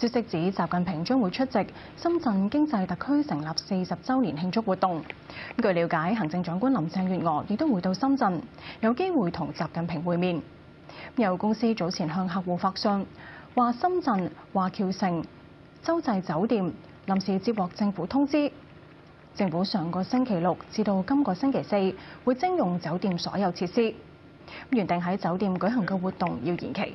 消息指習近平將會出席深圳經濟特區成立四十周年慶祝活動。據了解，行政長官林鄭月娥亦都回到深圳，有機會同習近平會面。有公司早前向客戶發信，話深圳華僑城洲際酒店臨時接獲政府通知，政府上個星期六至到今個星期四會徵用酒店所有設施，原定喺酒店舉行嘅活動要延期。